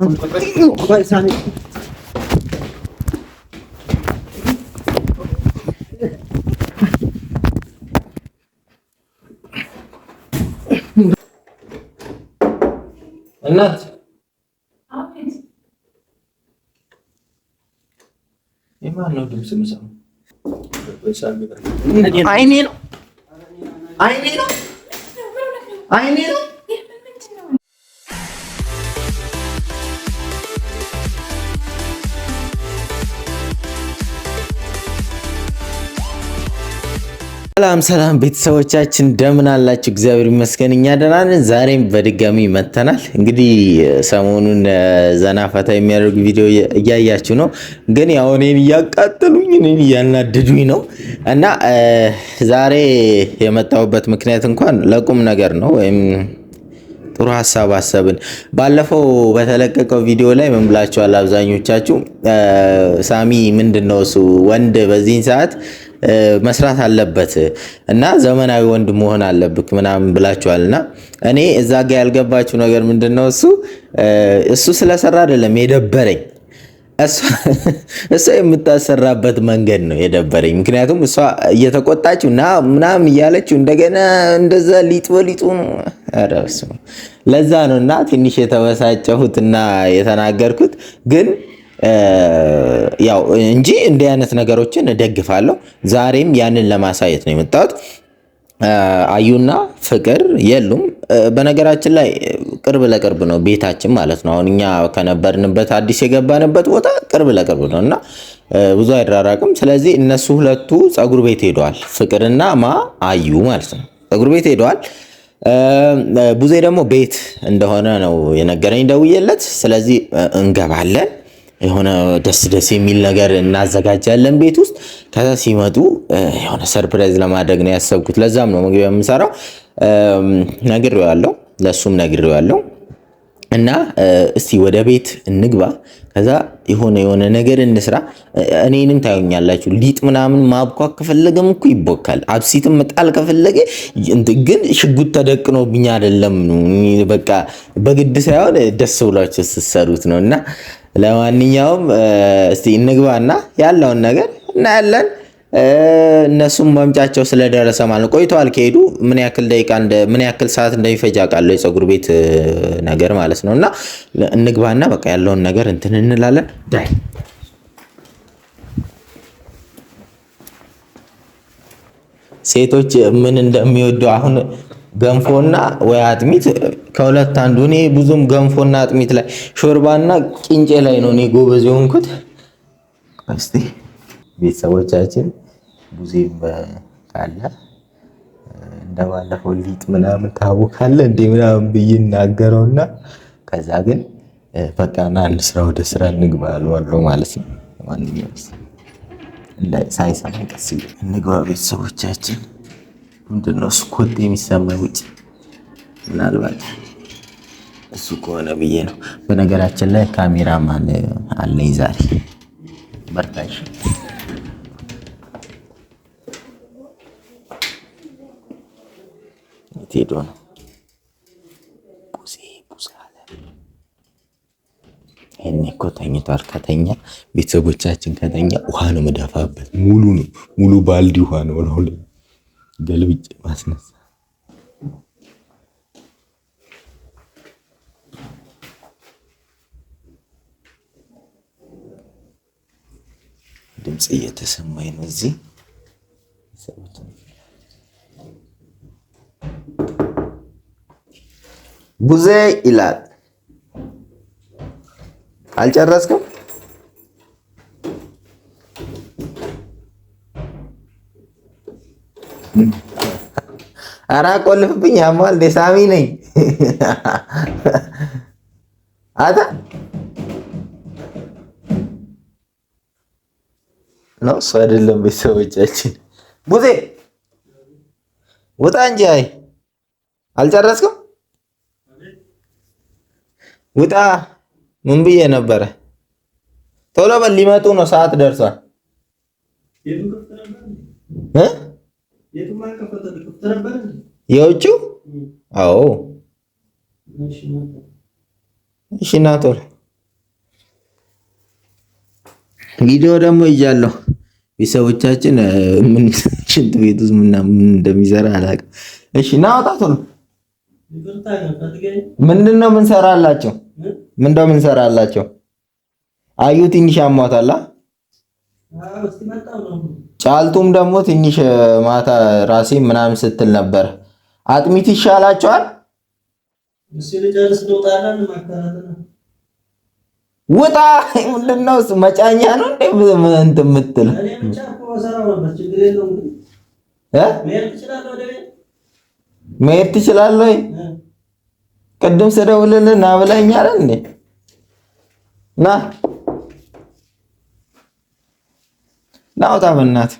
እናት የማን ነው ድምፅ የምሰማው? አይኔ ነው አይኔ ነው አይኔ ነው ሰላም ሰላም ቤተሰቦቻችን እንደምን አላችሁ? እግዚአብሔር ይመስገን እኛ ደህና ነን። ዛሬም በድጋሚ መተናል። እንግዲህ ሰሞኑን ዘና ፈታ የሚያደርጉ ቪዲዮ እያያችሁ ነው፣ ግን ያው እኔን እያቃጠሉኝ እኔን እያናደዱኝ ነው እና ዛሬ የመጣሁበት ምክንያት እንኳን ለቁም ነገር ነው ወይም ጥሩ ሀሳብ አሰብን። ባለፈው በተለቀቀው ቪዲዮ ላይ ምን ብላችኋል? አብዛኞቻችሁ ሳሚ ምንድን ነው እሱ ወንድ በዚህን ሰዓት መስራት አለበት እና ዘመናዊ ወንድ መሆን አለብክ ምናምን ብላችኋል። እና እኔ እዛ ጋ ያልገባችው ነገር ምንድን ነው? እሱ እሱ ስለሰራ አይደለም የደበረኝ እሷ የምታሰራበት መንገድ ነው የደበረኝ። ምክንያቱም እሷ እየተቆጣችው ና ምናምን እያለችው እንደገና እንደዛ ሊጥ በሊጡ ነው። ለዛ ነው እና ትንሽ የተበሳጨሁት እና የተናገርኩት ግን ያው እንጂ እንዲህ አይነት ነገሮችን እደግፋለሁ። ዛሬም ያንን ለማሳየት ነው የመጣሁት። አዩና ፍቅር የሉም። በነገራችን ላይ ቅርብ ለቅርብ ነው ቤታችን ማለት ነው። አሁን እኛ ከነበርንበት አዲስ የገባንበት ቦታ ቅርብ ለቅርብ ነው እና ብዙ አይራራቅም። ስለዚህ እነሱ ሁለቱ ፀጉር ቤት ሄደዋል። ፍቅርና ማ አዩ ማለት ነው ፀጉር ቤት ሄደዋል። ቡዜ ደግሞ ቤት እንደሆነ ነው የነገረኝ ደውዬለት። ስለዚህ እንገባለን የሆነ ደስ ደስ የሚል ነገር እናዘጋጃለን ቤት ውስጥ። ከዛ ሲመጡ የሆነ ሰርፕራይዝ ለማድረግ ነው ያሰብኩት። ለዛም ነው ምግብ የምሰራው ነግሬዋለሁ፣ ለእሱም ነግሬዋለሁ። እና እስቲ ወደ ቤት እንግባ፣ ከዛ የሆነ የሆነ ነገር እንስራ። እኔንም ታዩኛላችሁ። ሊጥ ምናምን ማብኳ ከፈለገም እኮ ይቦካል። አብሲትም መጣል ከፈለገ ግን ሽጉጥ ተደቅኖብኝ አይደለም። በቃ በግድ ሳይሆን ደስ ብሏቸው ስትሰሩት ነው እና ለማንኛውም እስቲ እንግባና ያለውን ነገር እናያለን። እነሱም መምጫቸው ስለደረሰ ማለት ቆይተዋል። ከሄዱ ምን ያክል ደቂቃ ምን ያክል ሰዓት እንደሚፈጅ አውቃለሁ፣ የፀጉር ቤት ነገር ማለት ነው። እና እንግባና በቃ ያለውን ነገር እንትን እንላለን ዳይ ሴቶች ምን እንደሚወዱ አሁን ገንፎና ወይ አጥሚት ከሁለት አንዱ። እኔ ብዙም ገንፎና አጥሚት ላይ ሾርባና ቅንጬ ላይ ነው እኔ ጎበዝ የሆንኩት። እስቲ ቤተሰቦቻችን ብዙም ካለ እንደባለፈው ሊጥ ምናምን ታቦካለ እንደ ምናምን ብዬ እናገረውና ከዛ ግን በቃ ና እንስራ፣ ወደ ስራ እንግባ አልዋለሁ ማለት ነው። ማንኛውም ሳይሰማ ቀስ እንግባ ቤተሰቦቻችን። ምንድነው ስኮት የሚሰማ ውጭ ምናልባት እሱ ከሆነ ብዬ ነው። በነገራችን ላይ ካሜራማን አለኝ ዛሬ። በርታሽ ሄዶ ነው ቡዜ ቡዜ አለ። ይህኔ እኮ ተኝቷል። ከተኛ ቤተሰቦቻችን ከተኛ ውሃ ነው መዳፋበት። ሙሉ ነው ሙሉ ባልዲ ውሃ ነው ለሁለ ገልብጬ ማስነሳ ድምፅ እየተሰማኝ ነው። እዚህ ጉዜ ይላል። አልጨረስክም? አራ አቆልፍብኝ፣ ያሟል። ሳሚ ነኝ አታ ነው እሱ አይደለም። ቤተሰቦቻችን ቡዜ ውጣ እንጂ። አይ አልጨረስኩም። ውጣ። ምን ብዬ ነበረ? ቶሎ በል ሊመጡ ነው፣ ሰዓት ደርሷል። የውጭው አዎ። እሺ ና ቶሎ ቪዲዮ ደግሞ ይዣለሁ። ቤተሰቦቻችን ምን ሽንት ቤት ውስጥ ምና ምን እንደሚሰራ አላውቅም። እሺ እና ወጣቱ ነው ምንድን ነው ምንሰራላቸው? ምንደው ምንሰራላቸው? አዩ ትንሽ አሟታላ። ጫልቱም ደግሞ ትንሽ ማታ ራሴ ምናምን ስትል ነበር። አጥሚት ይሻላቸዋል። ውጣ ምንድነው? መጫኛ ነው እንዴ? ምን የምትል መሄድ ትችላለህ ወይ? ቅድም ስደውልልህ ና ብለኸኝ አይደል እንዴ? ና ና ውጣ፣ በእናትህ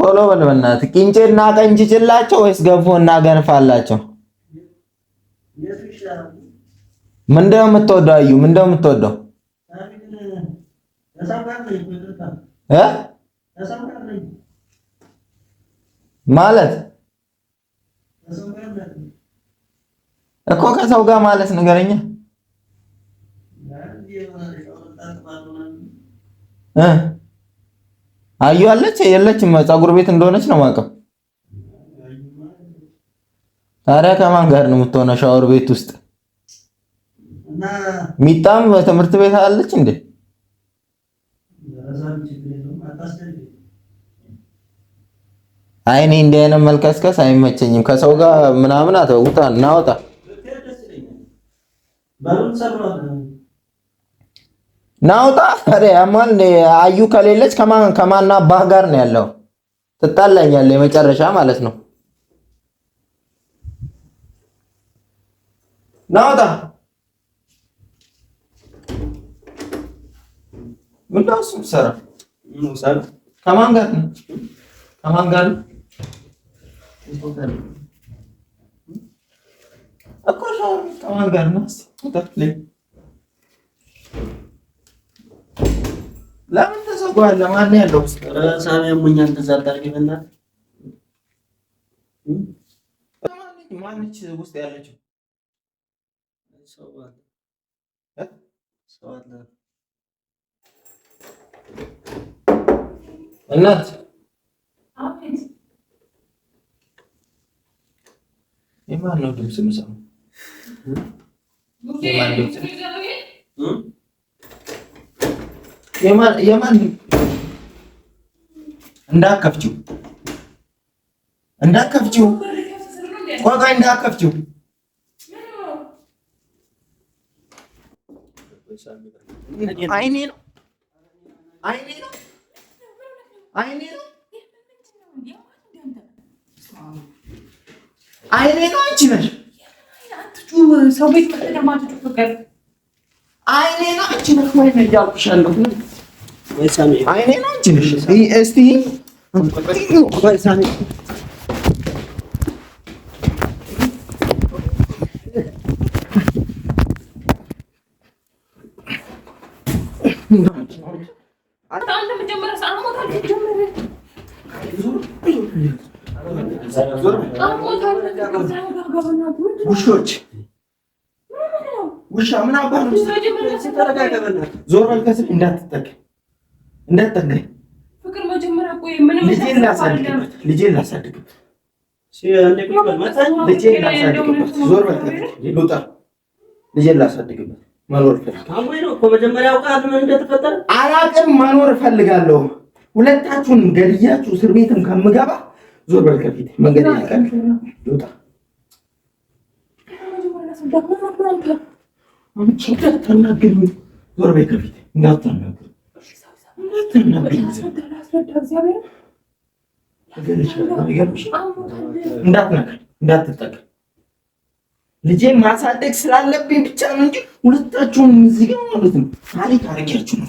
ቶሎ በል በእናትህ። ቀንጭ ቀንጭጭላቸው ወይስ ገንፎና ገንፋላቸው? ምንድነው የምትወደው? አዩ ምንድነው የምትወደው? ማለት እኮ ከሰው ጋር ማለት ንገረኛ። አዩ አለች የለችም? ፀጉር ቤት እንደሆነች ነው የማውቀው። ታዲያ ከማን ጋር ነው የምትሆነው? ሻወር ቤት ውስጥ ሚጣም ትምህርት ቤት አለች እንዴ? አይ እኔ እንዲህ አይነት መልቀስቀስ አይመቸኝም። ከሰው ጋር ምናምን አተውታ እናወጣ ናውጣ አማን አዩ ከሌለች ከማን ከማና አባህ ጋር ነው ያለው። ትጣላኛለ የመጨረሻ ማለት ነው። ናውጣ ምን ምንድነው? ሰራ ከማን ጋር ነው? ከማን ጋር ነው? እኮ ከማን ጋር ነው? ለምን ተዘጓል? ለማን ያለው ሳሚ ያሞኛል። እንደዛ አታድርጊ በእናትህ። ማነች ውስጥ ያለችው? እናት የማን ነው ድምፅ የምሰማው? የማን እንዳከፍችው እንዳከፍችው ቆይ እንዳከፍችው አይኔ ነው አይኔ ነው አይኔ ነው አይኔኖችምር ሰው ቤት አይኔኖችምር ወይ እያልኩሻለሁ። አይኔኖችምር እስቲ ውሾች ውሻ ምን አባቱ ዞር አልከስል እንዳትጠቀኝ እንዳትጠቀኝ ልጄን ላሳድግበት ልጄን ላሳድግበት ልጄን ላሳድግበት ዞር ልውጣ ልጄን ላሳድግበት መኖር እፈልጋለሁ አላቅም መኖር እፈልጋለሁ ሁለታችሁንም ገድያችሁ እስር ቤትም ከምገባ ዞር በል ከፊት መንገድ ይልቃል። ዞር በል ከፊት እንዳትናገር፣ ልጄ ማሳደግ ስላለብኝ ብቻ ነው እንጂ ሁለታችሁም እዚህ ጋር ማለት ነው ታሪክ አድርጊያችሁ ነው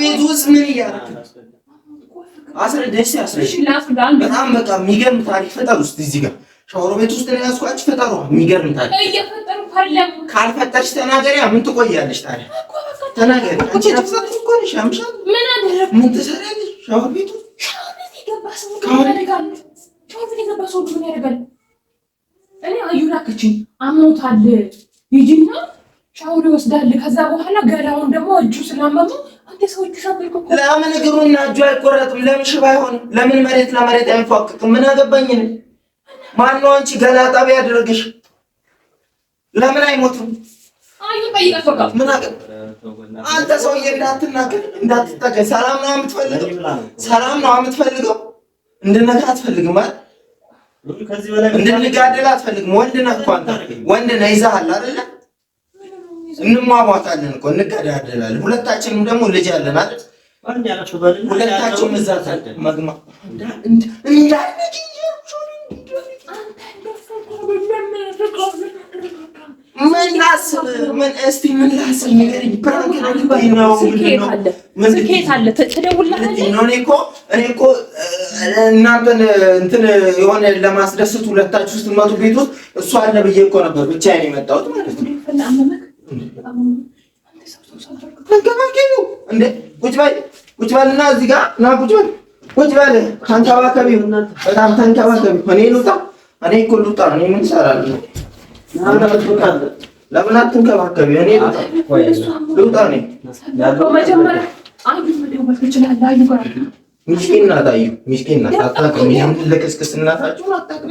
ቤት ውስጥ ምን እያደረክ በጣም በቃ የሚገርም ታሪክ ፈጠሩ። እስኪ እዚህ ጋር ሻወር ቤት ውስጥ ነው ያዝኳችሁ። ፈጠሩ የሚገርም ካልፈጠርሽ ተናገሪ። ምን ትቆያለሽ ታዲያ? ተናገሪ። አንቺ ምን ቤቱ? ሻወር ይወስዳል። ከዛ በኋላ ገላውን ደግሞ እጁ ስላመሙ አንተ ሰው እጁ ሻበልኩ። ለምን እግሩና እጁ አይቆረጥም? ለምን ሽባ አይሆንም? ለምን መሬት ለመሬት አይፏቅቅም ምን አገባኝ እኔ። ማነው አንቺ ገላ ጣቢ ያደረግሽ? ለምን አይሞትም? አንተ ሰውዬ እንዳትናገር እንዳትጠቀኝ። ሰላም ነው የምትፈልገው? ሰላም ነው የምትፈልገው? እንድነካ አትፈልግም ማለት እንድንጋደል አትፈልግም። ወንድ ነህ እኮ አንተ፣ ወንድ ነህ ይዘሃል አይደለ እንሟሟታለን እኮ እንገዳደላለን። ሁለታችንም ደግሞ ልጅ አለን አይደል? ሁለታችንም እዛ መግማ ምን ላስብ ምን እስቲ ምን ላስብ ንገሪኝ። ፕራንክ ነው ነው ስኬት አለ ትደውልልሃለች። እኔ እኮ እኔ እኮ እናንተን እንትን የሆነ ለማስደሰት ሁለታችሁ ስትመጡ ቤት ውስጥ እሱ አለ ብዬ እኮ ነበር ብቻዬን የመጣሁት ማለት ነው። ቁጭ በል ቁጭ በልና እዚህ ጋር ና ቁጭ በል ቁጭ በል ተንከባከቢው፣ በጣም ተንከባከቢው። እኔ ልውጣ፣ እኔ እኮ ልውጣ። እኔ ምን እሰራለሁ? ለምን አትንከባከቢው? እኔ ልውጣ። እኔ ምስኪን ናት፣ አዩ ምስኪን ናት። አታውቅም። ይሄን ልክስክስ እናታችሁ አታውቅም።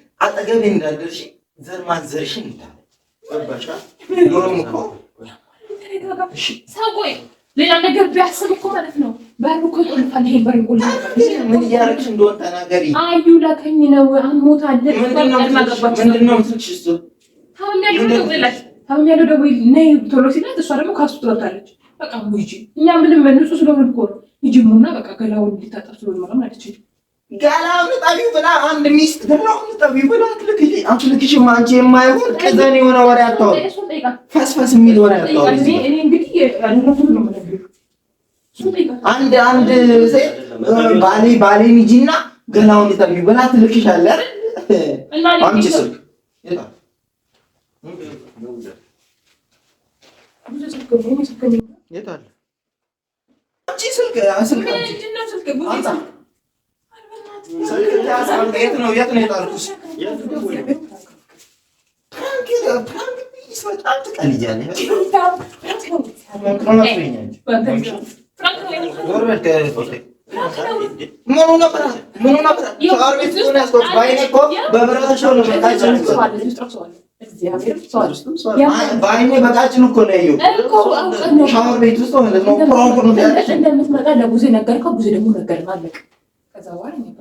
አጠገቤ እንዳደርሽ ዘር ማንዘርሽን እንዳለ ሌላ ነገር ቢያስብ እኮ ማለት ነው። በሩ እኮ ይቆልፋል። ይሄ በር ምን እያደረግሽ እንደሆነ ተናገሪ። አዩ ለከኝ ነው አሞት ምንድን ነው የምትልሽ? ነይ ቶሎ ሲላት እሷ ደግሞ ካሱ ትወጣለች። በቃ እኛ ምንም መንጹ ስለሆነ እኮ ነው። ሂጂሙና በቃ ገላውን እንዲታጠብ ስለሆነ ማለት ነው ገላውን ጠቢው ብላ አንድ ሚስት ገላውን ጠቢው ብላ አትልክሽ፣ አትልክሽ። አንቺ የማይሆን ቅዘን የሆነ ወሬ አታወሪ፣ ፈስፈስ የሚል ወሬ አታወሪ። አንድ አንድ ሴት ባሌ ባሌ ሚጂና ገላውን ጠቢው ብላ አትልክሽ አለ ስልክ የት አለ? አምጪ ስልክ ስልክ የት ነው የት ነው የጣልኩሽ? በአይኔ በቃችን እኮ ነው ሻወር ቤት ውስጥ ማለት ነው። እንደምትመጣ ለጉዜ ነገርከው፣ ጉዜ ደግሞ ነገር አለቅ ከዛ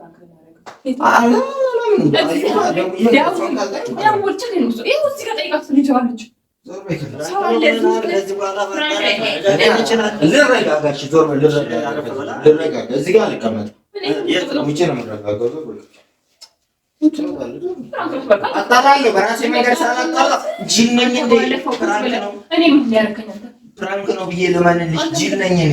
ፕራንክ ነው ብዬ ለማንልሽ ጅል ነኝ እኔ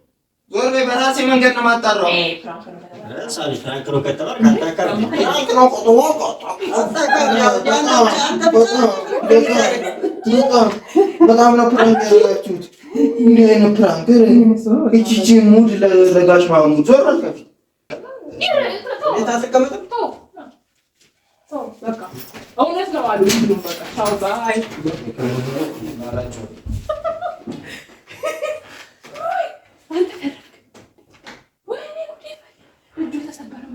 ዞር በይ። በራሴ መንገድ ነው የማጣራው። በጣም ነው ፕራንክ ያላችሁት። እንዲህ አይነት ፕራንክ እቺቺ ሙድ ለጋሽ ማሙድ ዞር